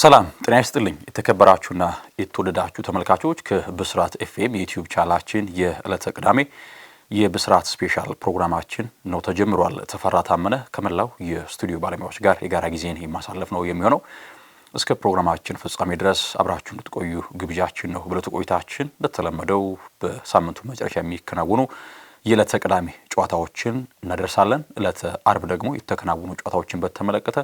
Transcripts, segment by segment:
ሰላም ጤና ይስጥልኝ። የተከበራችሁና የተወደዳችሁ ተመልካቾች ከብስራት ኤፍኤም የዩትዩብ ቻላችን የዕለተ ቅዳሜ የብስራት ስፔሻል ፕሮግራማችን ነው ተጀምሯል። ተፈራ ታመነ ከመላው የስቱዲዮ ባለሙያዎች ጋር የጋራ ጊዜን የማሳለፍ ነው የሚሆነው። እስከ ፕሮግራማችን ፍጻሜ ድረስ አብራችሁ እንድትቆዩ ግብዣችን ነው። ብለቱ ቆይታችን እንደተለመደው በሳምንቱ መጨረሻ የሚከናወኑ የዕለተ ቅዳሜ ጨዋታዎችን እናደርሳለን። ዕለተ አርብ ደግሞ የተከናወኑ ጨዋታዎችን በተመለከተ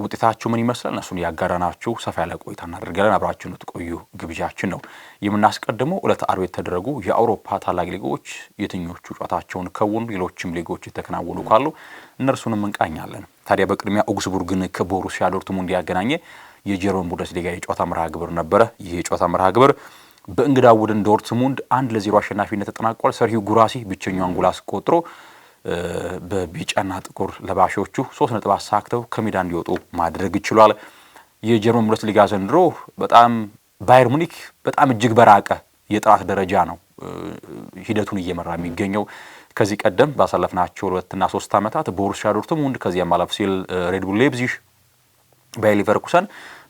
ውጤታችሁ ምን ይመስላል? እነሱን ያጋራናችሁ ሰፋ ያለ ቆይታ እናደርጋለን። አብራችሁን ትቆዩ ግብዣችን ነው። የምናስቀድመው ዕለተ አርብ የተደረጉ የአውሮፓ ታላቅ ሊጎች የትኞቹ ጨዋታቸውን ከውኑ፣ ሌሎችም ሊጎች የተከናወኑ ካሉ እነርሱንም እንቃኛለን። ታዲያ በቅድሚያ ኦግስቡርግን ከቦሩሲያ ዶርትሙንድ ያገናኘ የጀርመን ቡንደስሊጋ የጨዋታ መርሃ ግብር ነበረ። ይህ የጨዋታ መርሃ ግብር በእንግዳ ቡድን ዶርትሙንድ አንድ ለዜሮ አሸናፊነት ተጠናቋል። ሰርሂው ጉራሲ ብቸኛውን ጎል አስቆጥሮ በቢጫና ጥቁር ለባሾቹ ሶስት ነጥብ አሳክተው ከሜዳ እንዲወጡ ማድረግ ይችሏል። የጀርመን ቡንደስ ሊጋ ዘንድሮ በጣም ባየር ሙኒክ በጣም እጅግ በራቀ የጥራት ደረጃ ነው ሂደቱን እየመራ የሚገኘው። ከዚህ ቀደም ባሳለፍናቸው ሁለትና ሶስት ዓመታት ቦሩሲያ ዶርትሙንድ ከዚያም አለፍ ሲል ሬድቡል ሌብዚሽ ባየር ሊቨርኩሰን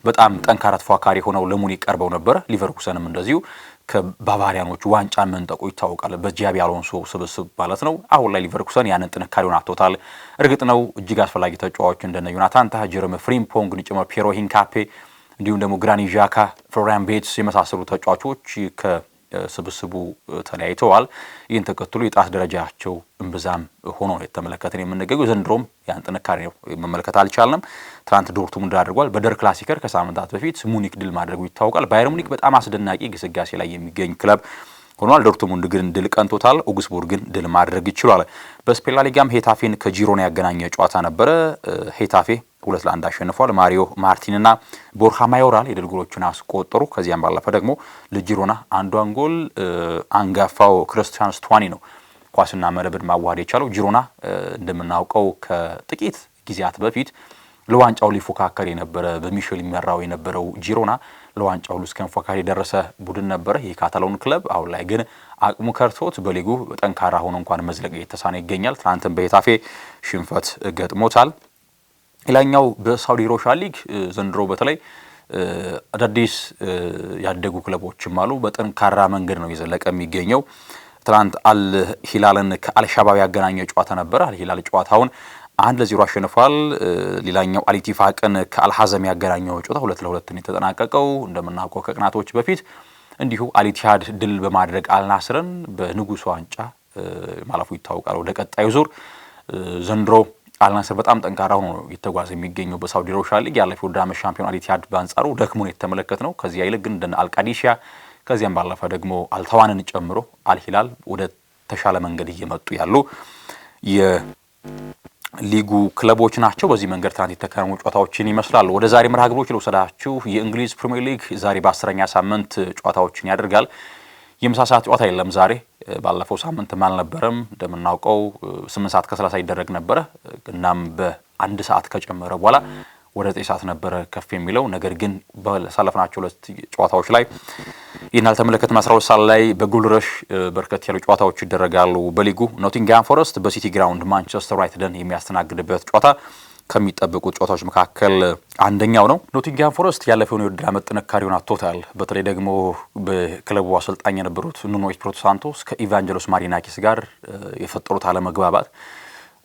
በጣም ጠንካራ ተፎካካሪ ሆነው ለሙኒክ ቀርበው ነበር። ሊቨርኩሰንም እንደዚሁ ከባቫሪያኖቹ ዋንጫን መንጠቁ ይታወቃል። በጃቢ አሎንሶ ስብስብ ማለት ነው። አሁን ላይ ሊቨርኩሰን ያንን ጥንካሬውን አጥቶታል። እርግጥ ነው እጅግ አስፈላጊ ተጫዋቾች እንደነ ዮናታን ታህ፣ ጀረም ፍሪምፖንግን ጭምር ፒሮ ሂንካፔ እንዲሁም ደግሞ ግራኒ ዣካ፣ ፍሎሪያን ቤትስ የመሳሰሉ ተጫዋቾች ስብስቡ ተለያይተዋል። ይህን ተከትሎ የጣት ደረጃቸው እምብዛም ሆኖ ነው የተመለከትን የምንገኘው። ዘንድሮም ያን ጥንካሬ ነው መመልከት አልቻልንም። ትናንት ዶርትሙንድ አድርጓል። በደር ክላሲከር ከሳምንታት በፊት ሙኒክ ድል ማድረጉ ይታወቃል። ባየር ሙኒክ በጣም አስደናቂ ግስጋሴ ላይ የሚገኝ ክለብ ሆኗል። ዶርትሙንድ ግን ድል ቀንቶታል። ኦግስቡርግን ድል ማድረግ ይችሏል። በስፔን ላሊጋም ሄታፌን ከጂሮን ያገናኘ ጨዋታ ነበረ። ሄታፌ ሁለት ለአንድ አሸንፏል። ማሪዮ ማርቲንና ቦርሃ ማዮራል የድል ጎሎችን አስቆጠሩ። ከዚያም ባለፈ ደግሞ ለጂሮና አንዷን ጎል አንጋፋው ክርስቲያን ስቷኒ ነው ኳስና መረብን ማዋሃድ የቻለው። ጂሮና እንደምናውቀው ከጥቂት ጊዜያት በፊት ለዋንጫው ሊፎካከር የነበረ በሚሼል የሚመራው የነበረው ጂሮና ለዋንጫው እስኪፎካከር የደረሰ ቡድን ነበረ። ይህ ካታሎን ክለብ አሁን ላይ ግን አቅሙ ከርቶት በሊጉ ጠንካራ ሆኖ እንኳን መዝለቅ እየተሳነ ይገኛል። ትናንትም በሄታፌ ሽንፈት ገጥሞታል። ሌላኛው በሳውዲ ሮሻ ሊግ ዘንድሮ በተለይ አዳዲስ ያደጉ ክለቦችም አሉ። በጠንካራ መንገድ ነው የዘለቀ የሚገኘው። ትናንት አል ሂላልን ከአልሻባብ ያገናኘው ጨዋታ ነበረ። አልሂላል ጨዋታውን አንድ ለዜሮ አሸንፏል። ሌላኛው አሊቲፋቅን ከአልሐዘም ያገናኘው ጨዋታ ሁለት ለሁለትን የተጠናቀቀው። እንደምናውቀው ከቅናቶች በፊት እንዲሁ አሊቲሃድ ድል በማድረግ አልናስርን በንጉሱ ዋንጫ ማለፉ ይታወቃል። ወደ ቀጣዩ ዙር ዘንድሮ አልናስር በጣም ጠንካራ ሆኖ የተጓዘ የሚገኘው በሳውዲ ሮሻ ሊግ ያለፈው ወደ ዓመት ሻምፒዮን አሊቲሃድ በአንጻሩ ደክሞን የተመለከት ነው። ከዚያ ይልቅ ግን እንደነ አልቃዲሺያ ከዚያም ባለፈ ደግሞ አልተዋንን ጨምሮ አልሂላል ወደ ተሻለ መንገድ እየመጡ ያሉ የ ሊጉ ክለቦች ናቸው። በዚህ መንገድ ትናንት የተከናወኑ ጨዋታዎችን ይመስላሉ። ወደ ዛሬ መርሃ ግብሮች ልውሰዳችሁ። የእንግሊዝ ፕሪምየር ሊግ ዛሬ በአስረኛ ሳምንት ጨዋታዎችን ያደርጋል። የምሳ ሰዓት ጨዋታ የለም ዛሬ። ባለፈው ሳምንትም አልነበረም እንደምናውቀው ስምንት ሰዓት ከሰላሳ ይደረግ ነበረ። እናም በአንድ ሰዓት ከጨመረ በኋላ ወደ ዘጠኝ ሰዓት ነበረ ከፍ የሚለው። ነገር ግን በሳለፍናቸው ሁለት ጨዋታዎች ላይ ይህን አልተመለከትም። አስራ ሁለት ሰዓት ላይ በጉልረሽ በርከት ያሉ ጨዋታዎች ይደረጋሉ በሊጉ ኖቲንግሃም ፎረስት በሲቲ ግራውንድ ማንቸስተር ዩናይትድን የሚያስተናግድበት ጨዋታ ከሚጠበቁት ጨዋታዎች መካከል አንደኛው ነው። ኖቲንግሃም ፎረስት ያለፈውን የውድድር ዓመት ጥንካሬውን አጥቶታል። በተለይ ደግሞ በክለቡ አሰልጣኝ የነበሩት ኑኖ ኤስፒሪቶ ሳንቶ ከኢቫንጀሎስ ማሪናኪስ ጋር የፈጠሩት አለመግባባት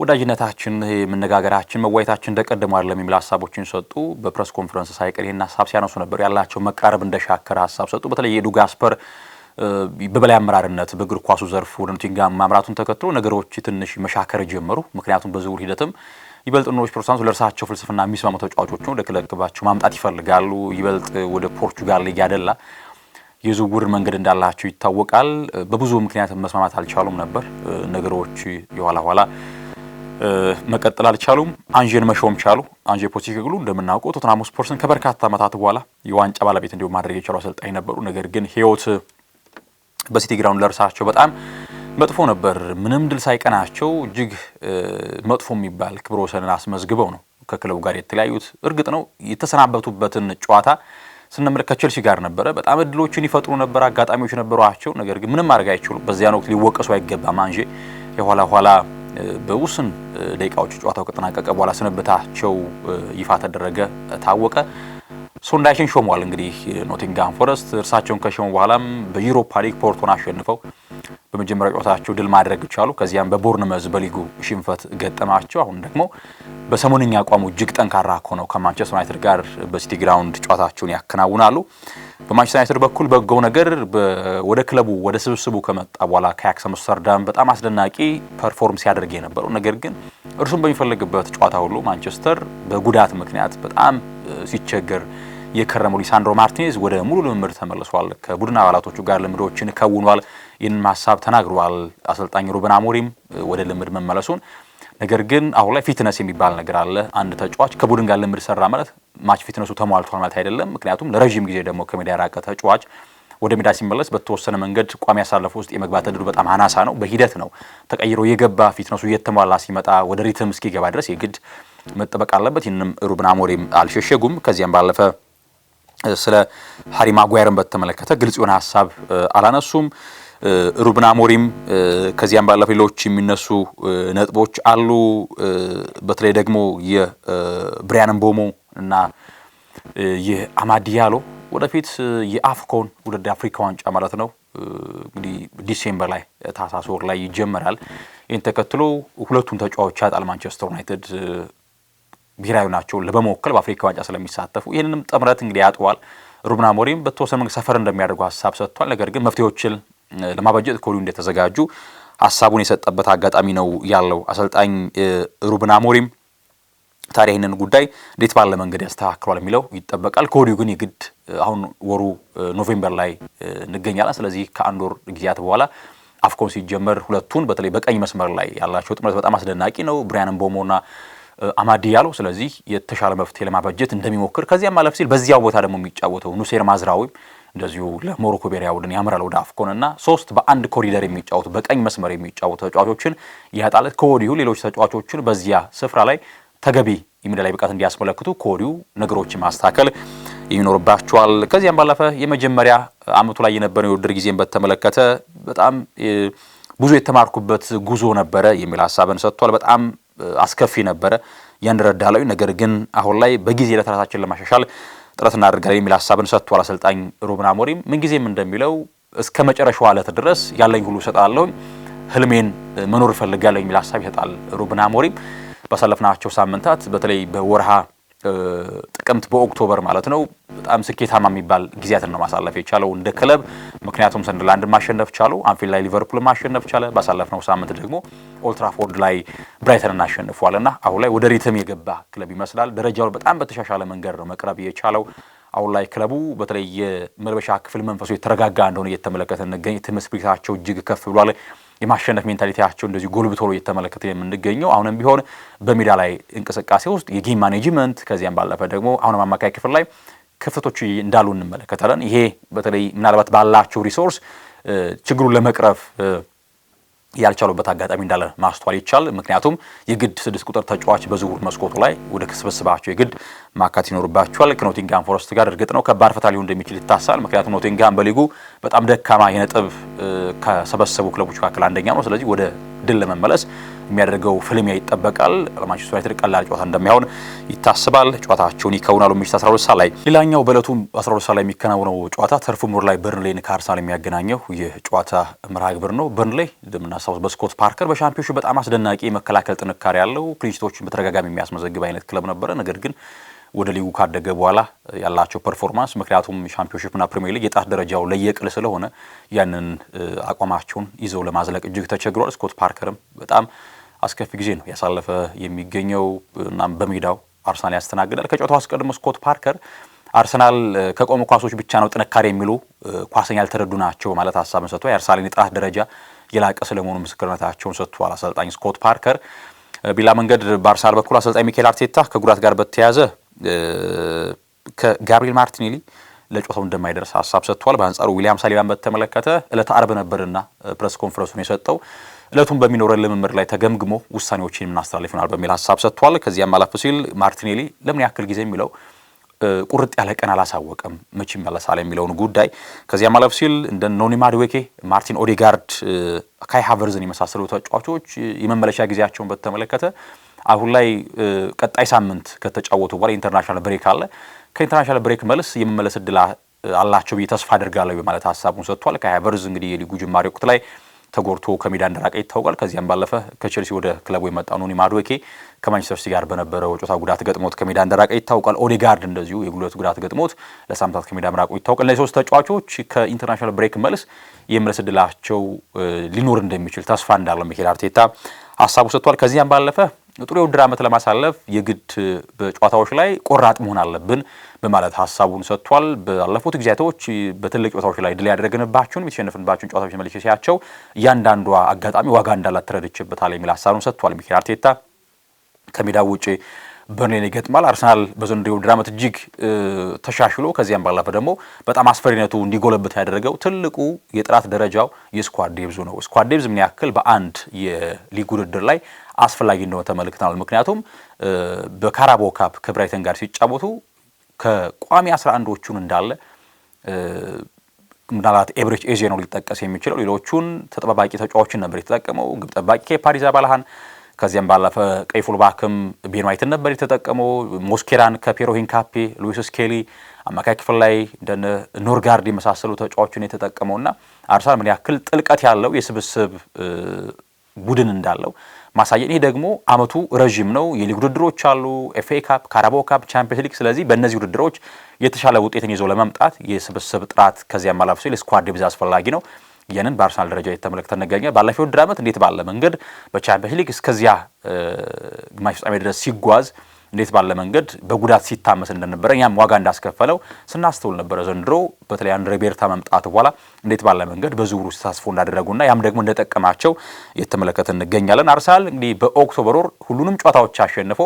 ወዳጅነታችን መነጋገራችን፣ መወያየታችን እንደቀደሙ አይደለም የሚል ሀሳቦችን ሰጡ። በፕሬስ ኮንፈረንስ ሳይቀር ይህን ሀሳብ ሲያነሱ ነበር። ያላቸው መቃረብ እንደሻከረ ሀሳብ ሰጡ። በተለይ የኤዱ ጋስፐር በበላይ አመራርነት በእግር ኳሱ ዘርፍ ወደ ኖቲንግሃም ማምራቱን ተከትሎ ነገሮች ትንሽ መሻከር ጀመሩ። ምክንያቱም በዝውውር ሂደትም ይበልጥ ኖች ፕሮቴስታንቱ ለእርሳቸው ፍልስፍና የሚስማሙ ተጫዋቾችን ወደ ክለባቸው ማምጣት ይፈልጋሉ። ይበልጥ ወደ ፖርቹጋል ሊግ ያደላ የዝውውር መንገድ እንዳላቸው ይታወቃል። በብዙ ምክንያት መስማማት አልቻሉም ነበር። ነገሮች የኋላ ኋላ መቀጠል አልቻሉም። አንዤን መሾም ቻሉ። አንዤ ፖስቴኮግሉ እንደምናውቀው ቶተንሃም ስፐርስን ከበርካታ ዓመታት በኋላ የዋንጫ ባለቤት እንዲሁም ማድረግ የቻሉ አሰልጣኝ ነበሩ። ነገር ግን ህይወት በሲቲ ግራውንድ ለእርሳቸው በጣም መጥፎ ነበር። ምንም ድል ሳይቀናቸው እጅግ መጥፎ የሚባል ክብረ ወሰንን አስመዝግበው ነው ከክለቡ ጋር የተለያዩት። እርግጥ ነው የተሰናበቱበትን ጨዋታ ስንመለከት ከቼልሲ ጋር ነበረ። በጣም እድሎችን ይፈጥሩ ነበር፣ አጋጣሚዎች ነበሯቸው። ነገር ግን ምንም ማድረግ አይችሉም። በዚያን ወቅት ሊወቀሱ አይገባም። አንዤ የኋላ ኋላ በውስን ደቂቃዎች ጨዋታው ከጠናቀቀ በኋላ ስንብታቸው ይፋ ተደረገ፣ ታወቀ። ሶንዳይችን ሾሟል። እንግዲህ ኖቲንግሃም ፎረስት እርሳቸውን ከሾሙ በኋላም በዩሮፓ ሊግ ፖርቶን አሸንፈው በመጀመሪያ ጨዋታቸው ድል ማድረግ ይቻሉ። ከዚያም በቦርንመዝ በሊጉ ሽንፈት ገጠማቸው። አሁን ደግሞ በሰሞንኛ አቋሙ እጅግ ጠንካራ ሆነው ከማንቸስተር ዩናይትድ ጋር በሲቲ ግራውንድ ጨዋታቸውን ያከናውናሉ። በማንቸስተር ዩናይትድ በኩል በጎው ነገር ወደ ክለቡ ወደ ስብስቡ ከመጣ በኋላ ከአያክስ አምስተርዳም በጣም አስደናቂ ፐርፎርም ሲያደርግ የነበረው ነገር ግን እርሱም በሚፈልግበት ጨዋታ ሁሉ ማንቸስተር በጉዳት ምክንያት በጣም ሲቸገር የከረመው ሊሳንድሮ ማርቲኔዝ ወደ ሙሉ ልምምድ ተመልሷል። ከቡድን አባላቶቹ ጋር ልምዶችን ከውኗል። ይህንን ሀሳብ ተናግረዋል። አሰልጣኝ ሩበን አሞሪም ወደ ልምድ መመለሱን ነገር ግን አሁን ላይ ፊትነስ የሚባል ነገር አለ። አንድ ተጫዋች ከቡድን ጋር ልምድ ሰራ ማለት ማች ፊትነሱ ተሟልቷል ማለት አይደለም። ምክንያቱም ለረዥም ጊዜ ደግሞ ከሜዳ የራቀ ተጫዋች ወደ ሜዳ ሲመለስ በተወሰነ መንገድ ቋሚ ያሳለፉ ውስጥ የመግባት እድሉ በጣም አናሳ ነው። በሂደት ነው ተቀይሮ የገባ ፊትነሱ እየተሟላ ሲመጣ ወደ ሪትም እስኪገባ ድረስ የግድ መጠበቅ አለበት። ይህንም ሩበን አሞሪም አልሸሸጉም። ከዚያም ባለፈ ስለ ሀሪ ማጓየርን በተመለከተ ግልጽ የሆነ ሀሳብ አላነሱም። ሩበን አሞሪም ከዚያም ባለፈ ሌሎች የሚነሱ ነጥቦች አሉ። በተለይ ደግሞ የብሪያን ምቦሞ እና የአማድ ዲያሎ ወደፊት የአፍኮን ውድድር አፍሪካ ዋንጫ ማለት ነው እንግዲህ ዲሴምበር ላይ ታህሳስ ወር ላይ ይጀመራል። ይህን ተከትሎ ሁለቱን ተጫዋቾች ያጣል ማንቸስተር ዩናይትድ ብሔራዊ ናቸው ለበመወከል በአፍሪካ ዋንጫ ስለሚሳተፉ ይህንንም ጥምረት እንግዲህ ያጥዋል። ሩብና ሞሪም በተወሰነ መንገድ ሰፈር እንደሚያደርጉ ሀሳብ ሰጥቷል። ነገር ግን መፍትሄዎችን ለማበጀት ከወዲሁ እንደተዘጋጁ ሀሳቡን የሰጠበት አጋጣሚ ነው ያለው። አሰልጣኝ ሩበን አሞሪም ታዲያ ይህንን ጉዳይ እንዴት ባለ መንገድ ያስተካክሏል የሚለው ይጠበቃል። ከወዲሁ ግን የግድ አሁን ወሩ ኖቬምበር ላይ እንገኛለን። ስለዚህ ከአንድ ወር ጊዜያት በኋላ አፍኮን ሲጀመር ሁለቱን በተለይ በቀኝ መስመር ላይ ያላቸው ጥምረት በጣም አስደናቂ ነው፣ ብሪያን ምቦሞና አማዲ ያለው። ስለዚህ የተሻለ መፍትሄ ለማበጀት እንደሚሞክር ከዚያም ማለፍ ሲል በዚያው ቦታ ደግሞ የሚጫወተው ኑሴር ማዝራዊም እንደዚሁ ለሞሮኮ ብሔራዊ ቡድን ያምራል ወደ አፍኮን እና ሶስት በአንድ ኮሪደር የሚጫወቱ በቀኝ መስመር የሚጫወቱ ተጫዋቾችን ያጣለት ከወዲሁ ሌሎች ተጫዋቾችን በዚያ ስፍራ ላይ ተገቢ የሜዳ ላይ ብቃት እንዲያስመለክቱ ከወዲሁ ነገሮች ማስተካከል ይኖርባቸዋል። ከዚያም ባለፈ የመጀመሪያ አመቱ ላይ የነበረው የውድድር ጊዜን በተመለከተ በጣም ብዙ የተማርኩበት ጉዞ ነበረ የሚል ሀሳብን ሰጥቷል። በጣም አስከፊ ነበረ ያንረዳላዊ ነገር ግን አሁን ላይ በጊዜ ለተራሳችን ለማሻሻል ጥረት እናደርጋለን የሚል ሀሳብን ሰጥቷል አሰልጣኝ ሩበን አሞሪም። ምንጊዜም እንደሚለው እስከ መጨረሻው ዕለት ድረስ ያለኝ ሁሉ እሰጣለሁ፣ ህልሜን መኖር እፈልጋለሁ የሚል ሀሳብ ይሰጣል ሩበን አሞሪም። ባሳለፍናቸው ሳምንታት በተለይ በወርሃ ጥቅምት በኦክቶበር ማለት ነው በጣም ስኬታማ የሚባል ጊዜያትን ነው ማሳለፍ የቻለው እንደ ክለብ። ምክንያቱም ሰንደርላንድን ማሸነፍ ቻለው፣ አንፊልድ ላይ ሊቨርፑል ማሸነፍ ቻለ። ባሳለፍነው ሳምንት ደግሞ ኦልትራፎርድ ላይ ብራይተንን አሸንፏል እና አሁን ላይ ወደ ሪትም የገባ ክለብ ይመስላል። ደረጃውን በጣም በተሻሻለ መንገድ ነው መቅረብ የቻለው። አሁን ላይ ክለቡ በተለይ የመልበሻ ክፍል መንፈሱ የተረጋጋ እንደሆነ እየተመለከተ እንገኝ። ትምህርት ቤታቸው እጅግ ከፍ ብሏል። የማሸነፍ ሜንታሊቲያቸው እንደዚህ ጎልብቶ ነው እየተመለከተ የምንገኘው። አሁንም ቢሆን በሜዳ ላይ እንቅስቃሴ ውስጥ የጌም ማኔጅመንት ከዚያም ባለፈ ደግሞ አሁንም አማካይ ክፍል ላይ ክፍተቶች እንዳሉ እንመለከታለን። ይሄ በተለይ ምናልባት ባላቸው ሪሶርስ ችግሩን ለመቅረፍ ያልቻሉበት አጋጣሚ እንዳለ ማስተዋል ይቻል። ምክንያቱም የግድ ስድስት ቁጥር ተጫዋች በዝውውር መስኮቱ ላይ ወደ ክስብስባቸው የግድ ማካት ይኖርባቸዋል። ከኖቲንግሃም ፎረስት ጋር እርግጥ ነው ከባድ ፈታ ሊሆን እንደሚችል ይታሳል። ምክንያቱም ኖቲንግሃም በሊጉ በጣም ደካማ የነጥብ ከሰበሰቡ ክለቦች መካከል አንደኛ ነው። ስለዚህ ወደ ድል ለመመለስ የሚያደርገው ፍልሚያ ይጠበቃል። ለማንቸስተር ዩናይትድ ቀላል ጨዋታ እንደሚሆን ይታስባል። ጨዋታቸውን ይከውናሉ ምሽት 12 ሰዓት ላይ። ሌላኛው በእለቱ 12 ሰዓት ላይ የሚከናውነው ጨዋታ ተርፉ ሙር ላይ በርንሌን ከአርሰናል የሚያገናኘው ይህ ጨዋታ መርሃ ግብር ነው። በርንሌ እንደምናስታውስ በስኮት ፓርከር በሻምፒዮንሺፕ በጣም አስደናቂ የመከላከል ጥንካሬ ያለው ክሊንሺቶችን በተደጋጋሚ የሚያስመዘግብ አይነት ክለብ ነበረ። ነገር ግን ወደ ሊጉ ካደገ በኋላ ያላቸው ፐርፎርማንስ ምክንያቱም ሻምፒዮንሽፕና ፕሪሚየር ሊግ የጣት ደረጃው ለየቅል ስለሆነ ያንን አቋማቸውን ይዘው ለማዝለቅ እጅግ ተቸግሯል። ስኮት ፓርከርም በጣም አስከፊ ጊዜ ነው ያሳለፈ የሚገኘው። እናም በሜዳው አርሰናል ያስተናግዳል። ከጨዋታው አስቀድሞ ስኮት ፓርከር አርሰናል ከቆሙ ኳሶች ብቻ ነው ጥንካሬ የሚሉ ኳሰኛ ያልተረዱ ናቸው ማለት ሀሳብን ሰጥቷል። የአርሰናልን የጥራት ደረጃ የላቀ ስለመሆኑ ምስክርነታቸውን ሰጥቷል አሰልጣኝ ስኮት ፓርከር። ቢላ መንገድ በአርሰናል በኩል አሰልጣኝ ሚካኤል አርቴታ ከጉዳት ጋር በተያያዘ ከጋብሪኤል ማርቲኔሊ ለጨዋታው እንደማይደርስ ሀሳብ ሰጥቷል። በአንጻሩ ዊሊያም ሳሊባን በተመለከተ እለት አርብ ነበርና ፕሬስ ኮንፈረንሱን የሰጠው እለቱን በሚኖረን ልምምድ ላይ ተገምግሞ ውሳኔዎችን የምናስተላልፍ ይሆናል በሚል ሀሳብ ሰጥቷል። ከዚያም አለፍ ሲል ማርቲኔሊ ለምን ያክል ጊዜ የሚለው ቁርጥ ያለ ቀን አላሳወቀም፣ መቼ ይመለሳል የሚለውን ጉዳይ ከዚያም አለፍ ሲል እንደ ኖኒ ማድዌኬ፣ ማርቲን ኦዴጋርድ፣ ካይ ሃቨርዝን የመሳሰሉ ተጫዋቾች የመመለሻ ጊዜያቸውን በተመለከተ አሁን ላይ ቀጣይ ሳምንት ከተጫወቱ በኋላ ኢንተርናሽናል ብሬክ አለ። ከኢንተርናሽናል ብሬክ መልስ የመመለስ እድል አላቸው ብዬ ተስፋ አድርጋለሁ ማለት ሀሳቡን ሰጥቷል። ካይ ሃቨርዝ እንግዲህ የሊጉ ጅማሬ ወቅት ላይ ተጎድቶ ከሜዳ እንደራቀ ይታወቃል። ከዚያም ባለፈ ከቼልሲ ወደ ክለቡ የመጣው ኖኒ ማዱዌኬ ከማንቸስተር ሲቲ ጋር በነበረው ጨዋታ ጉዳት ገጥሞት ከሜዳ እንደራቀ ይታወቃል። ኦዴጋርድ እንደዚሁ የጉልበት ጉዳት ገጥሞት ለሳምንታት ከሜዳ መራቁ ይታወቃል። እነዚህ ሶስት ተጫዋቾች ከኢንተርናሽናል ብሬክ መልስ የመለስ እድላቸው ሊኖር እንደሚችል ተስፋ እንዳለው ሚኬል አርቴታ ሀሳቡ ሰጥቷል። ከዚያም ባለፈ ጥሩ የውድድር ዓመት ለማሳለፍ የግድ በጨዋታዎች ላይ ቆራጥ መሆን አለብን በማለት ሀሳቡን ሰጥቷል። ባለፉት ጊዜያቶች በትልቅ ጨዋታዎች ላይ ድል ያደረግንባቸውን የተሸነፍንባቸውን ጨዋታዎች መልሼ ሲያቸው እያንዳንዷ አጋጣሚ ዋጋ እንዳላት ተረድቼበታል የሚል ሀሳቡን ሰጥቷል። ሚኬል አርቴታ ከሜዳ ውጪ በርንሌን ይገጥማል። አርሰናል በዘንድሮው የውድድር ዓመት እጅግ ተሻሽሎ ከዚያም ባለፈ ደግሞ በጣም አስፈሪነቱ እንዲጎለብት ያደረገው ትልቁ የጥራት ደረጃው የስኳድ ዴብዙ ነው። ስኳድ ዴብዝ ምን ያክል በአንድ የሊግ ውድድር ላይ አስፈላጊ እንደሆነ ተመልክተናል። ምክንያቱም በካራቦ ካፕ ከብራይተን ጋር ሲጫወቱ ከቋሚ አስራ አንዶቹን እንዳለ ምናልባት ኤብሬች ኤዜ ነው ሊጠቀስ የሚችለው ሌሎቹን ተጠባባቂ ተጫዋቾችን ነበር የተጠቀመው። ግብ ጠባቂ ኬፓ አሪዛባላሃን ከዚያም ባለፈ ቀይ ፉልባክም ቤን ዋይትን ነበር የተጠቀመው። ሞስኬራን ከፔሮ ሂንካፔ፣ ሉዊስ ስኬሊ አማካይ ክፍል ላይ እንደነ ኖርጋርድ የመሳሰሉ ተጫዋቹን የተጠቀመውና አርሰናል ምን ያክል ጥልቀት ያለው የስብስብ ቡድን እንዳለው ማሳየን። ይህ ደግሞ አመቱ ረዥም ነው። የሊግ ውድድሮች አሉ፣ ኤፍኤ ካፕ፣ ካራባኦ ካፕ፣ ቻምፒየንስ ሊግ። ስለዚህ በእነዚህ ውድድሮች የተሻለ ውጤትን ይዞ ለመምጣት የስብስብ ጥራት ከዚያም አላፍ ሲል ስኳድ ብዛ አስፈላጊ ነው። ይህንን በአርሰናል ደረጃ የተመለከተ እንገኘ ባለፈው ውድድር ዓመት እንዴት ባለ መንገድ በቻምፒየንስ ሊግ እስከዚያ ግማሽ ፍጻሜ ድረስ ሲጓዝ እንዴት ባለ መንገድ በጉዳት ሲታመስ እንደነበረ እኛም ዋጋ እንዳስከፈለው ስናስተውል ነበረ። ዘንድሮ በተለይ አንድ ቤርታ መምጣት በኋላ እንዴት ባለ መንገድ በዝውውሩ ተሳትፎ እንዳደረጉና ያም ደግሞ እንደጠቀማቸው እየተመለከተ እንገኛለን። አርሰናል እንግዲህ በኦክቶበር ወር ሁሉንም ጨዋታዎች አሸንፎ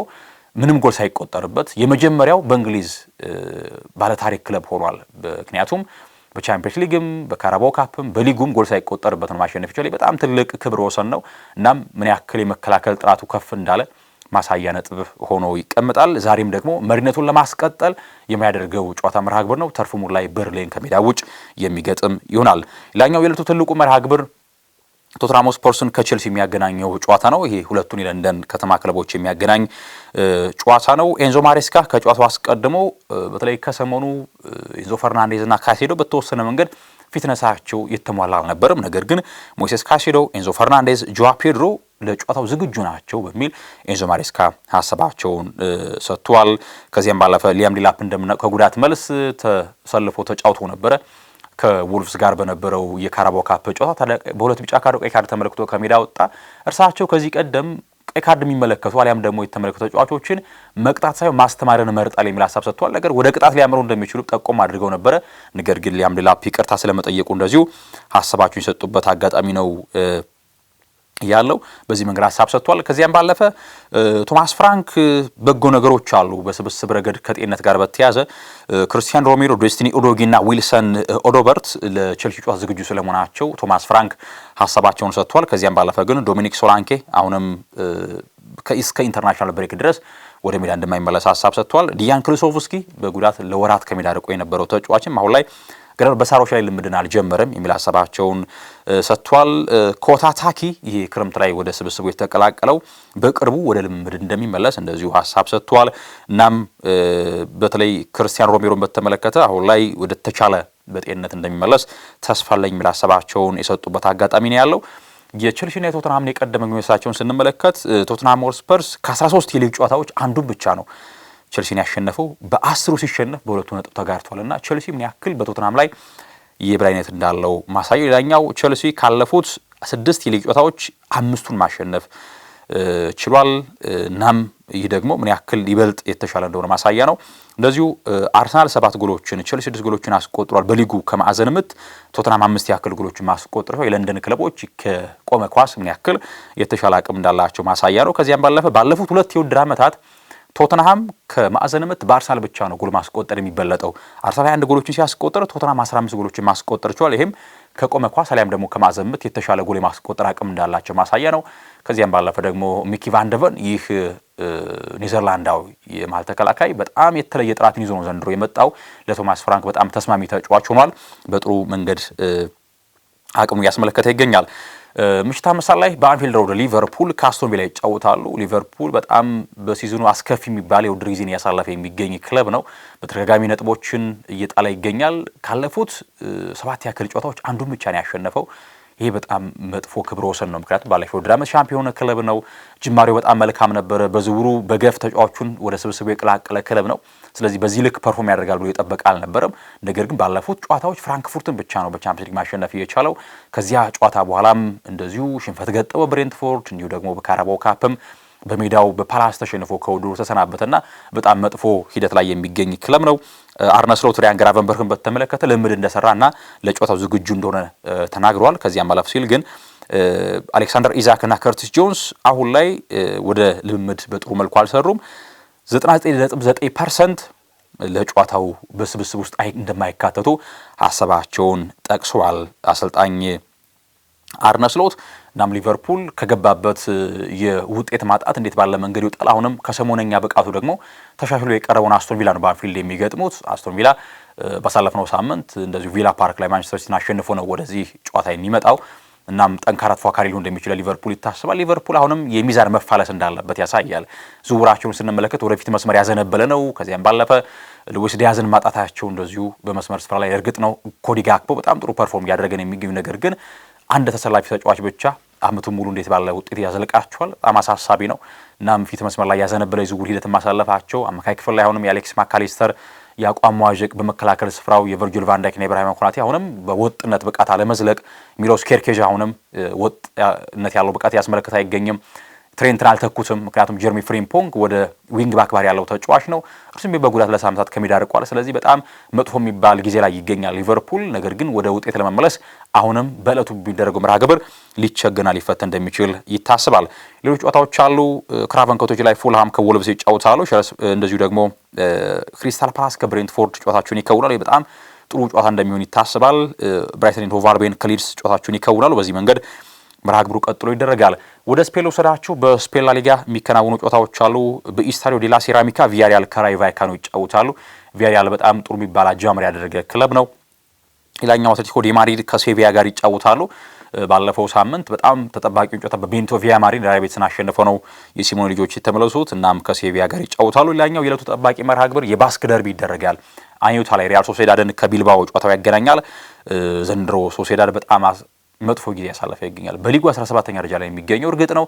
ምንም ጎል ሳይቆጠርበት የመጀመሪያው በእንግሊዝ ባለታሪክ ክለብ ሆኗል። ምክንያቱም በቻምፒየንስ ሊግም በካራባው ካፕም በሊጉም ጎል ሳይቆጠርበት ነው ማሸነፍ ይችላል። በጣም ትልቅ ክብር ወሰን ነው። እናም ምን ያክል የመከላከል ጥራቱ ከፍ እንዳለ ማሳያ ነጥብ ሆኖ ይቀመጣል። ዛሬም ደግሞ መሪነቱን ለማስቀጠል የሚያደርገው ጨዋታ መርሃ ግብር ነው። ተርፉ ሙር ላይ በርሊን ከሜዳ ውጭ የሚገጥም ይሆናል። ሌላኛው የዕለቱ ትልቁ መርሃ ግብር ቶትናም ስፐርስን ከቼልሲ የሚያገናኘው ጨዋታ ነው። ይሄ ሁለቱን የለንደን ከተማ ክለቦች የሚያገናኝ ጨዋታ ነው። ኤንዞ ማሬስካ ከጨዋታው አስቀድሞ በተለይ ከሰሞኑ ኤንዞ ፈርናንዴዝ እና ካሴዶ በተወሰነ መንገድ ፊትነሳቸው የተሟላ አልነበረም። ነገር ግን ሞይሴስ ካሴዶ፣ ኤንዞ ፈርናንዴዝ፣ ጆዋ ፔድሮ ለጨዋታው ዝግጁ ናቸው በሚል ኤንዞ ማሬስካ ሀሳባቸውን ሰጥቷል። ከዚያም ባለፈ ሊያም ዲላፕ ከጉዳት መልስ ተሰልፎ ተጫውቶ ነበረ ከውልፍስ ጋር በነበረው የካራባው ካፕ ጨዋታ በሁለት ቢጫ ካርድ ቀይ ካርድ ተመልክቶ ከሜዳ ወጣ። እርሳቸው ከዚህ ቀደም ቀይ ካርድ የሚመለከቱ አሊያም ደግሞ የተመለከቱ ተጫዋቾችን መቅጣት ሳይሆን ማስተማርን መርጣል የሚል ሀሳብ ሰጥቷል። ነገር ወደ ቅጣት ሊያምሩ እንደሚችሉ ጠቆም አድርገው ነበረ። ነገር ግን ሊያም ዴላፕ ይቅርታ ስለመጠየቁ እንደዚሁ ሀሳባቸውን የሰጡበት አጋጣሚ ነው ያለው በዚህ መንገድ ሀሳብ ሰጥቷል። ከዚያም ባለፈ ቶማስ ፍራንክ በጎ ነገሮች አሉ በስብስብ ረገድ ከጤንነት ጋር በተያዘ ክርስቲያን ሮሜሮ፣ ዴስቲኒ ኦዶጊና ዊልሰን ኦዶበርት ለቸልሲ ጨዋታ ዝግጁ ስለመሆናቸው ቶማስ ፍራንክ ሀሳባቸውን ሰጥቷል። ከዚያም ባለፈ ግን ዶሚኒክ ሶላንኬ አሁንም እስከ ኢንተርናሽናል ብሬክ ድረስ ወደ ሜዳ እንደማይመለስ ሀሳብ ሰጥቷል። ዲያን ክሪሶቭስኪ በጉዳት ለወራት ከሜዳ ርቆ የነበረው ተጫዋችም አሁን ላይ ፌዴረር በሳሮች ላይ ልምድን አልጀመረም የሚል ሀሳባቸውን ሰጥቷል። ኮታ ታኪ ይሄ ክረምት ላይ ወደ ስብስቡ የተቀላቀለው በቅርቡ ወደ ልምድ እንደሚመለስ እንደዚሁ ሀሳብ ሰጥቷል። እናም በተለይ ክርስቲያን ሮሜሮን በተመለከተ አሁን ላይ ወደ ተቻለ በጤንነት እንደሚመለስ ተስፋ አለኝ የሚል ሀሳባቸውን የሰጡበት አጋጣሚ ነው ያለው። የቸልሲና የቶትናምን የቀደመ ግንኙነታቸውን ስንመለከት ቶትናም ሆትስፐርስ ከ13 የሊግ ጨዋታዎች አንዱን ብቻ ነው ቸልሲን ያሸነፈው በአስሩ ሲሸነፍ በሁለቱ ነጥብ ተጋርቷል ተጋርቷልና ቸልሲ ምን ያክል በቶትናም ላይ የበላይነት እንዳለው ማሳየው። ሌላኛው ቸልሲ ካለፉት ስድስት የሊግ ጨዋታዎች አምስቱን ማሸነፍ ችሏል። እናም ይህ ደግሞ ምን ያክል ይበልጥ የተሻለ እንደሆነ ማሳያ ነው። እንደዚሁ አርሰናል ሰባት ጎሎችን ቸልሲ ስድስት ጎሎችን አስቆጥሯል። በሊጉ ከማዕዘን ምት ቶትናም አምስት ያክል ጎሎችን ማስቆጥር ነው የለንደን ክለቦች ከቆመ ኳስ ምን ያክል የተሻለ አቅም እንዳላቸው ማሳያ ነው። ከዚያም ባለፈ ባለፉት ሁለት የውድድር ዓመታት ቶትንሃም ከማዕዘን ምት በአርሰናል ብቻ ነው ጎል ማስቆጠር የሚበለጠው። አርሰናል 21 ጎሎችን ሲያስቆጠር ቶትንሃም 15 ጎሎችን ማስቆጠር ችሏል። ይህም ከቆመ ኳስ አሊያም ደግሞ ከማዕዘን ምት የተሻለ ጎል የማስቆጠር አቅም እንዳላቸው ማሳያ ነው። ከዚያም ባለፈ ደግሞ ሚኪ ቫንደቨን ይህ ኔዘርላንዳዊ የመሀል ተከላካይ በጣም የተለየ ጥራትን ይዞ ነው ዘንድሮ የመጣው። ለቶማስ ፍራንክ በጣም ተስማሚ ተጫዋች ሆኗል። በጥሩ መንገድ አቅሙ እያስመለከተ ይገኛል። ምሽት አምሳት ላይ በአንፊልድ ሮድ ሊቨርፑል ከአስቶን ቪላ ይጫወታሉ። ሊቨርፑል በጣም በሲዝኑ አስከፊ የሚባል የውድድር ጊዜን እያሳለፈ የሚገኝ ክለብ ነው። በተደጋጋሚ ነጥቦችን እየጣለ ይገኛል። ካለፉት ሰባት ያክል ጨዋታዎች አንዱን ብቻ ነው ያሸነፈው። ይሄ በጣም መጥፎ ክብረ ወሰን ነው። ምክንያቱም ባለፈው ወደ ዓመት ሻምፒዮን ክለብ ነው። ጅማሬው በጣም መልካም ነበረ። በዝውሩ በገፍ ተጫዋቹን ወደ ስብስቡ የቀላቀለ ክለብ ነው። ስለዚህ በዚህ ልክ ፐርፎርም ያደርጋል ብሎ የጠበቀ አልነበረም። ነገር ግን ባለፉት ጨዋታዎች ፍራንክፉርትን ብቻ ነው በቻምፒዮን ሊግ ማሸነፍ የቻለው። ከዚያ ጨዋታ በኋላም እንደዚሁ ሽንፈት ገጠመው ብሬንትፎርድ፣ እንዲሁ ደግሞ በካራባው ካፕም በሜዳው በፓላስ ተሸንፎ ከውድድሩ ተሰናበተና በጣም መጥፎ ሂደት ላይ የሚገኝ ክለብ ነው። አርነ ስሎት ሪያን ግራቨንበርክን በተመለከተ ልምድ እንደሰራና ለጨዋታው ዝግጁ እንደሆነ ተናግረዋል። ከዚያም አለፍ ሲል ግን አሌክሳንደር ኢዛክና ከርቲስ ጆንስ አሁን ላይ ወደ ልምምድ በጥሩ መልኩ አልሰሩም። 99.9 ፐርሰንት ለጨዋታው በስብስብ ውስጥ እንደማይካተቱ ሀሳባቸውን ጠቅሰዋል አሰልጣኝ አርነ ስሎት እናም ሊቨርፑል ከገባበት የውጤት ማጣት እንዴት ባለ መንገድ ይወጣል? አሁንም ከሰሞነኛ ብቃቱ ደግሞ ተሻሽሎ የቀረበውን አስቶን ቪላ ነው በአንፊልድ የሚገጥሙት። አስቶን ቪላ ባሳለፍነው ሳምንት እንደዚሁ ቪላ ፓርክ ላይ ማንቸስተር ሲቲን አሸንፎ ነው ወደዚህ ጨዋታ የሚመጣው። እናም ጠንካራ ተፏካሪ ሊሆን እንደሚችል ሊቨርፑል ይታስባል። ሊቨርፑል አሁንም የሚዛን መፋለስ እንዳለበት ያሳያል። ዝውውራቸውን ስንመለከት ወደፊት መስመር ያዘነበለ ነው። ከዚያም ባለፈ ልዊስ ዲያዝን ማጣታቸው እንደዚሁ በመስመር ስፍራ ላይ እርግጥ ነው ኮዲ ጋክፖ በጣም ጥሩ ፐርፎርም እያደረገን የሚገኙ ነገር ግን አንድ ተሰላፊ ተጫዋች ብቻ አመቱን ሙሉ እንዴት ባለ ውጤት ያዘልቃቸዋል? በጣም አሳሳቢ ነው። እናም ፊት መስመር ላይ ያዘነበለ የዝውውር ሂደት ማሳለፋቸው አማካይ ክፍል ላይ አሁንም የአሌክስ ማካሊስተር የአቋም መዋዠቅ በመከላከል ስፍራው የቨርጂል ቫንዳይክና የብርሃይማ ኮናቴ አሁንም በወጥነት ብቃት አለመዝለቅ፣ ሚሎስ ኬርኬዥ አሁንም ወጥነት ያለው ብቃት ያስመለከት አይገኝም። ትሬንትን አልተኩትም። ምክንያቱም ጀርሚ ፍሪምፖንግ ወደ ዊንግ ባክባር ያለው ተጫዋች ነው። እርሱም በጉዳት ለሳምንታት ከሜዳ ርቋል። ስለዚህ በጣም መጥፎ የሚባል ጊዜ ላይ ይገኛል ሊቨርፑል። ነገር ግን ወደ ውጤት ለመመለስ አሁንም በእለቱ የሚደረገው መርሃ ግብር ሊቸገና ሊፈተን እንደሚችል ይታስባል። ሌሎች ጨዋታዎች አሉ። ክራቨን ኮቶች ላይ ፉልሃም ከወልብስ ይጫወታሉ። እንደዚሁ ደግሞ ክሪስታል ፓላስ ከብሬንትፎርድ ጨዋታቸውን ይከውናሉ። በጣም ጥሩ ጨዋታ እንደሚሆን ይታስባል። ብራይተን ሆቭ አልቢዮን ከሊድስ ጨዋታቸውን ይከውናሉ። በዚህ መንገድ መርሃ ግብሩ ቀጥሎ ይደረጋል። ወደ ስፔን ልውሰዳችሁ። በስፔን ላሊጋ የሚከናወኑ ጨዋታዎች አሉ። በኢስታዲዮ ዴላ ሴራሚካ ቪያሪያል ከራይ ቫይካኖ ይጫወታሉ። ቪያሪያል በጣም ጥሩ የሚባል አጃምር ያደረገ ክለብ ነው። ሌላኛው አትሌቲኮ ዲ ዴማሪድ ከሴቪያ ጋር ይጫወታሉ። ባለፈው ሳምንት በጣም ተጠባቂውን ጨዋታ በቤኒቶ ቪያማሪን ሪያል ቤትን አሸንፈው ነው የሲሞኒ ልጆች የተመለሱት። እናም ከሴቪያ ጋር ይጫወታሉ። ሌላኛው የዕለቱ ተጠባቂ መርሃ ግብር የባስክ ደርቢ ይደረጋል። አኝታ ላይ ሪያል ሶሴዳድን ከቢልባኦ ጨዋታው ያገናኛል። ዘንድሮ ሶሴዳድ በጣም መጥፎ ጊዜ ያሳለፈ ይገኛል። በሊጉ 17ኛ ደረጃ ላይ የሚገኘው እርግጥ ነው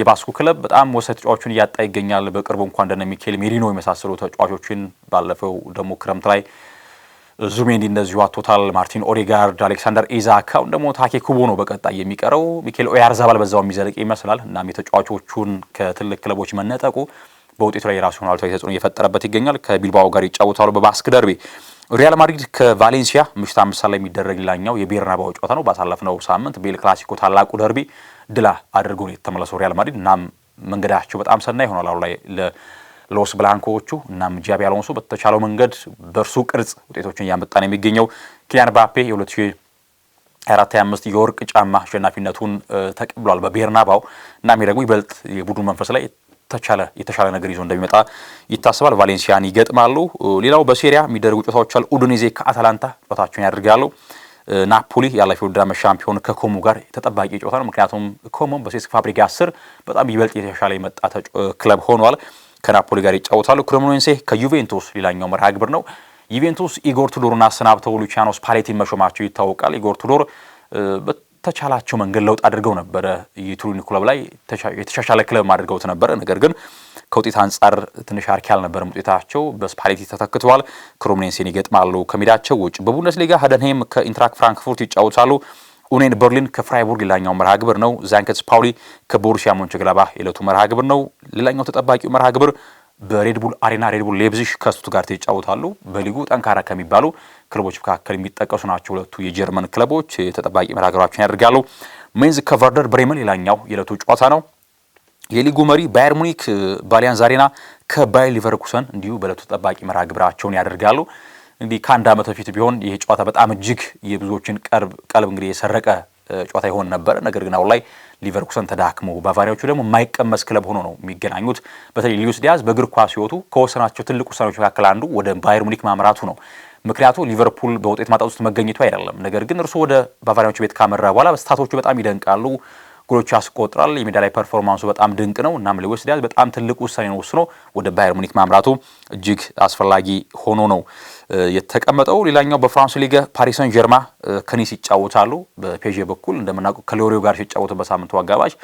የባስኩ ክለብ በጣም ወሳኝ ተጫዋቾችን እያጣ ይገኛል። በቅርቡ እንኳን እንደነ ሚኬል ሜሪኖ የመሳሰሉ ተጫዋቾችን ባለፈው ደግሞ ክረምት ላይ ዙሜንዲ እንደዚሁ አቶታል። ማርቲን ኦዴጋርድ፣ አሌክሳንደር ኢዛክ፣ አሁን ደግሞ ታኬ ኩቦ ነው በቀጣይ የሚቀረው። ሚኬል ኦያርዛባል በዛው የሚዘልቅ ይመስላል። እናም የተጫዋቾቹን ከትልቅ ክለቦች መነጠቁ በውጤቱ ላይ የራሱ ሆነ ተጽዕኖ እየፈጠረበት ይገኛል። ከቢልባኦ ጋር ይጫወታሉ በባስክ ደርቤ። ሪያል ማድሪድ ከቫሌንሲያ ምሽት አምስት ሰዓት ላይ የሚደረግ ሌላኛው የቤርናባው ጨዋታ ነው። ባሳለፍነው ሳምንት ቤል ክላሲኮ ታላቁ ደርቢ ድላ አድርጎ ነው የተመለሰው ሪያል ማድሪድ። እናም መንገዳቸው በጣም ሰናይ ሆኗል አሁን ላይ ሎስ ብላንኮዎቹ። እናም ጃቢ አሎንሶ በተቻለው መንገድ በእርሱ ቅርጽ ውጤቶችን እያመጣ ነው የሚገኘው። ኪሊያን ባፔ የ2 አራት ሃያ አምስት የወርቅ ጫማ አሸናፊነቱን ተቀብሏል በቤርናባው። እናም ደግሞ ይበልጥ የቡድኑ መንፈስ ላይ ተቻለ የተሻለ ነገር ይዞ እንደሚመጣ ይታሰባል። ቫሌንሲያን ይገጥማሉ። ሌላው በሴሪያ የሚደረጉ ጨዋታዎች አሉ። ኡዱኔዜ ከአታላንታ ጨዋታቸውን ያደርጋሉ። ናፖሊ ያለፈው ውድድር ዓመት ሻምፒዮን ከኮሞ ጋር ተጠባቂ ጨዋታ ነው። ምክንያቱም ኮሞ በሴስክ ፋብሪጋስ ስር በጣም ይበልጥ የተሻለ የመጣ ክለብ ሆኗል። ከናፖሊ ጋር ይጫወታሉ። ክሬሞኔሴ ከዩቬንቱስ ሌላኛው መርሃ ግብር ነው። ዩቬንቱስ ኢጎር ቱዶርን አሰናብተው ሉቺያኖ ስፓሌቲን መሾማቸው ይታወቃል። ኢጎር ቱዶር በተቻላቸው መንገድ ለውጥ አድርገው ነበረ። የቱሪን ክለብ ላይ የተሻሻለ ክለብ አድርገውት ነበረ። ነገር ግን ከውጤት አንጻር ትንሽ አርኪ አልነበረም ውጤታቸው። በስፓሌቲ ተተክተዋል። ክሮምኔንሴን ይገጥማሉ ከሜዳቸው ውጭ። በቡንደስሊጋ ሀደንሄም ከኢንትራክ ፍራንክፉርት ይጫወታሉ። ኡኔን በርሊን ከፍራይቡርግ ሌላኛው መርሃ ግብር ነው። ዛንከትስ ፓውሊ ከቦሩሲያ ሞንቸግላባ የዕለቱ መርሃ ግብር ነው። ሌላኛው ተጠባቂው መርሃ ግብር በሬድቡል አሬና ሬድቡል ሌብዚሽ ጋር ይጫወታሉ። በሊጉ ጠንካራ ከሚባሉ ክለቦች መካከል የሚጠቀሱ ናቸው። ሁለቱ የጀርመን ክለቦች ተጠባቂ መርሃ ያደርጋሉ። ሜንዝ ከቨርደር ብሬመን ሌላኛው የዕለቱ ጨዋታ ነው። የሊጉ መሪ ባየር ሙኒክ ባሊያንዝ አሬና ከባየር ሊቨርኩሰን እንዲሁ በዕለቱ ተጠባቂ መራግብራቸውን ያደርጋሉ። እንግዲህ ከአንድ ዓመት በፊት ቢሆን ይህ ጨዋታ በጣም እጅግ የብዙዎችን ቀልብ እንግዲህ የሰረቀ ጨዋታ ይሆን ነበር። ነገር ግን አሁን ላይ ሊቨርኩሰን ተዳክሞ ባቫሪያዎቹ ደግሞ የማይቀመስ ክለብ ሆኖ ነው የሚገናኙት። በተለይ ሉዊስ ዲያዝ በእግር ኳስ ሕይወቱ ከወሰናቸው ትልቅ ውሳኔዎች መካከል አንዱ ወደ ባየር ሙኒክ ማምራቱ ነው። ምክንያቱ ሊቨርፑል በውጤት ማጣት ውስጥ መገኘቱ አይደለም። ነገር ግን እርሱ ወደ ባቫሪያዎቹ ቤት ካመራ በኋላ ስታቶቹ በጣም ይደንቃሉ። ጎሎች ያስቆጥራል። የሜዳ ላይ ፐርፎርማንሱ በጣም ድንቅ ነው። እናም ሉዊስ ዲያዝ በጣም ትልቅ ውሳኔ ነው ወስኖ ወደ ባየር ሙኒክ ማምራቱ እጅግ አስፈላጊ ሆኖ ነው የተቀመጠው። ሌላኛው በፍራንስ ሊገ ፓሪሰን ጀርማ ከኒስ ይጫወታሉ በፔዤ በኩል እንደምናውቀው ከሎሪዮ ጋር ሲጫወቱ በሳምንቱ አጋባሽ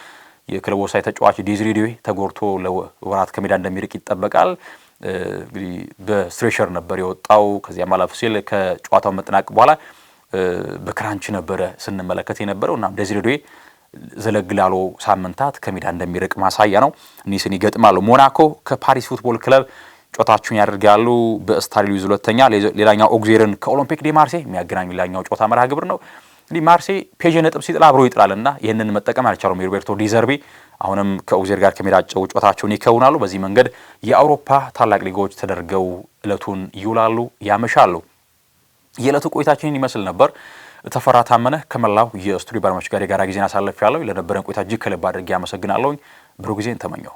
የክለቡ ወሳኝ ተጫዋች ዴዝሬ ዲዌ ተጎድቶ ለወራት ከሜዳ እንደሚርቅ ይጠበቃል። እንግዲህ በስትሬሸር ነበር የወጣው። ከዚያ አለፍ ሲል ከጨዋታው መጠናቀቅ በኋላ በክራንች ነበረ ስንመለከት የነበረው እና ዴዝሬ ዲዌ ዘለግ ላሉ ሳምንታት ከሜዳ እንደሚርቅ ማሳያ ነው። ኒስን ይገጥማሉ። ሞናኮ ከፓሪስ ፉትቦል ክለብ ጮታችሁን ያደርጋሉ በስታር ሉዊዝ ሁለተኛ። ሌላኛው ኦግዜርን ከኦሎምፒክ ዴ ማርሴ የሚያገናኙ ሌላኛው ጮታ መርሃ ግብር ነው። እንግዲህ ማርሴ ፔዥ ነጥብ ሲጥል አብሮ ይጥላል ይጥላልና ይህንን መጠቀም አልቻሉም። የሮቤርቶ ዲዘርቤ አሁንም ከኦግዜር ጋር ከሜዳቸው ጮታቸውን ይከውናሉ። በዚህ መንገድ የአውሮፓ ታላቅ ሊጎች ተደርገው እለቱን ይውላሉ፣ ያመሻሉ። የዕለቱ ቆይታችንን ይመስል ነበር። ተፈራ ታመነ ከመላው የስቱዲዮ ባለሙያዎች ጋር የጋራ ጊዜን አሳለፍ ያለው ለነበረን ቆይታ እጅግ ከልብ አድርጌ አመሰግናለሁኝ። ብሩህ ጊዜን ተመኘው።